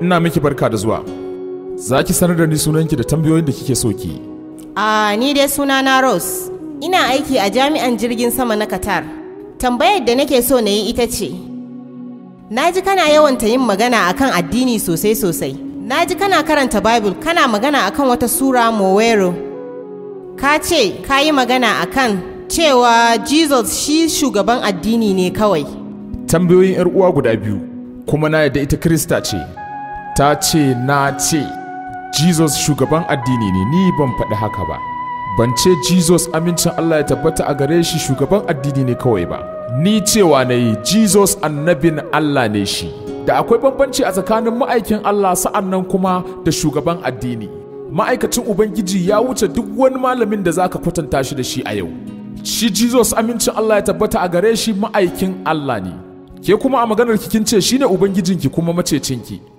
ina miki barka da zuwa. Za ki sanar da ni sunanki da tambayoyin da kike so ki. A ni dai sunana Rose, ina aiki a jami'an jirgin sama na Qatar. Tambayar da nake so na yi ita ce, na ji kana ta yin magana akan addini sosai-sosai. Na ji kana karanta Bible kana magana akan wata sura Mowero. Ka ce ka yi magana akan cewa Jesus shi shugaban addini ne kawai. Tambayoyin 'yar uwa guda biyu, kuma na yadda ita Kirista ce. ta ce na ce jesus shugaban addini ne ni ban faɗi haka ba ban ce jesus amincin allah ya tabbata a gare shi shugaban addini ne kawai ba ni cewa na yi jesus annabin allah ne shi da akwai bambanci a tsakanin ma'aikin allah sa'an nan kuma da shugaban addini ma'aikacin ubangiji ya wuce duk wani malamin da zaka kwatanta shi da shi a yau shi jesus amincin allah ya tabbata a gare shi ma'aikin allah ne ke kuma a maganar kikin ce shi shine ubangijinki kuma macecinki